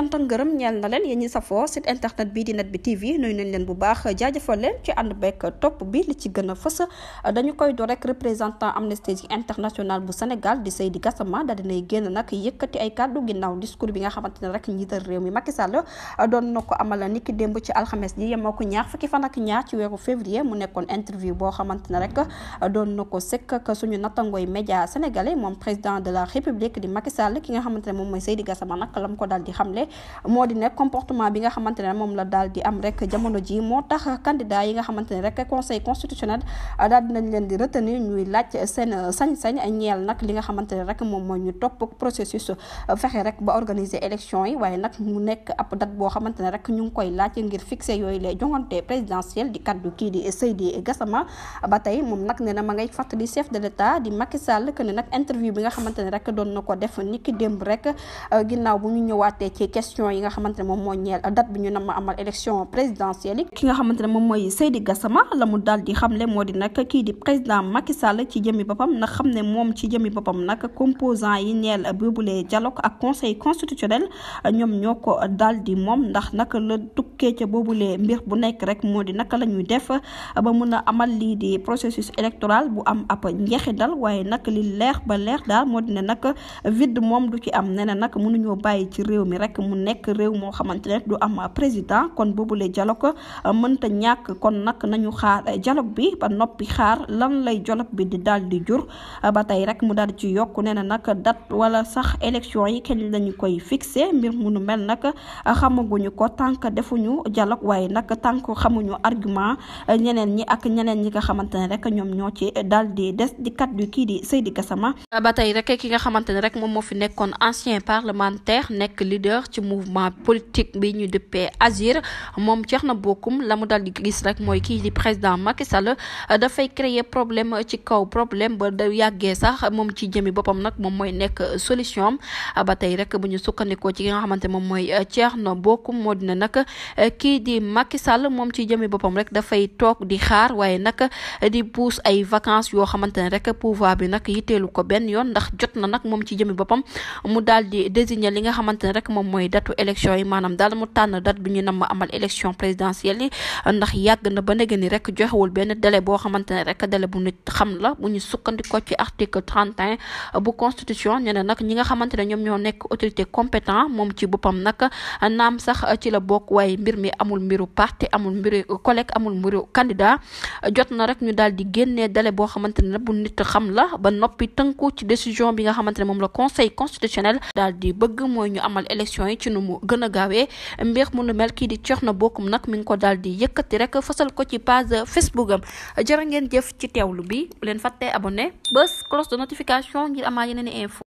cant ak ngërëm ñeel na leen yéen ñi safoo site internet bi di net bi TV bu baax jaajëfal leen di Seydi Gassama daal dinay génn nag yëkkati ay kàddu ginnaaw discours ne rek njiital réew mi Macky Sall doon na ko amal niki démb ci alxames ji yemoo ko ñaar fukki fan ak ñaar ci weeru février mu nekkoon interview boo xamante ne rek doon na ko sekk ak suñu nattangooy média sénégalais moom président de la république di Macky ki nga xamante ne moom mooy Seydi Gassama nag lam ko daal di xamle moo di nekk comportement bi nga xamante moom la daal di am rek jamono ji moo tax candidat yi nga xamante ne rek conseil constitutionnel ah, daal dinañ leen di retenir ñuy laaj seen euh, sañ-sañ ñeel nag li nga xamante ne rek moom mooy ñu topp processus euh, fexe rek ba organiser élection yi waaye nag mu nekk ab date boo xamante ne rek ñu ngi koy laaj ngir fixer yooyu lay jongante présidentielle di kaddu kii di Seydi Gassama ba tey moom nag nee na ma ngay fàttali chef de l'état di Macky Sall que ne nag interview bi nga xamante ne rek doon na ko def niki démb rek euh, ginnaaw question yi nga xamante ne moom moo ñeel date bi ñu nam ma amal élection présidentielle ki nga xamante ne moom mooy Seydi Gassama la mu daal di xamle moo di nag kii di président Macky ci jëmmi boppam nag xam ne moom ci jëmmi boppam nag composant yi ñeel boobule dialogue ak conseil constitutionnel ñoom ñoo ko daal moom ndax nag la tukkee ca boobule mbir bu nekk rek moo di naka la ñuy def ba mun a amal lii di processus électoral bu am ab njeexital waaye nag li leer ba leer daal moo di ne nag vide moom du ci am nee mu nekk réew moo xamante ne du am président kon boobule dialogue euh, mënta ñàkk kon nag nañu xaar euh, dialogue bi ba noppi xaar lan lay dialogue bi di daal di jur euh, ba tey rek mu daal ci yokku nee na nag date wala sax élection yi kenn lañu koy fixé mbir mu nu mel nag xamaguñu ko tànk defuñu dialogue nag tànk xamuñu argument ñeneen ñi ak ñeneen ñi nga xamante ne rek ñoom ñoo ci daal di des di kaddu kii di Seydi Gassama ba tey rek ki nga xamante ne rek moom moo fi nekkoon ancien parlementaire nekk leader ci ci mouvement politique bi ñu duppee Azir moom Thierno Bocoum la mu dal di gis rek mooy kii di président Macky Sall dafay créer problème ci kaw problème ba da yàggee sax moom ci jëmi boppam nag moom mooy nekk solution am ba tey rek bu ñu sukkandikoo ci ki nga xamante moom mooy Thierno Bocoum moo dina nag kii di Macky Sall moom ci jëmi boppam rek dafay toog di xaar waaye nag di pousse ay vacances yoo xamante ne rek pouvoir bi nag yitteelu ko benn yoon ndax jot na nag moom ci jëmi boppam mu daal di désigner li nga xamante rek moom mooy datu élection yi maanaam daal mu tànn dat bu ñu nam amal élection présidentielle ndax yàgg na ba léegi ni rek joxewul benn délai boo xamante ne rek délai bu nit xam la bu ñu sukkandikoo ci article 31 bu constitution ñu nag ñi nga xamante ne ñoom ñoo nekk autorité compétent moom ci boppam nag naam sax ci la bokk waaye mbir mi amul mbiru parti amul mbiru collègue amul mbiru candidat jot na rek ñu daal di génnee dale boo xamante ne bu nit xam la ba noppi tënku ci décision bi nga xamante ne moom la conseil constitutionnel daal di bëgg mooy ñu amal élection yi ci nu mu gën a gaawee mbir mu nu mel kii di Thierno Bocoum nag mi ngi ko daal di yëkkati rek fësal ko ci page Facebook am jërë ngeen jëf ci teewlu bi bu leen fàttee abonné bés cloche de notification ngir amaa yeneen info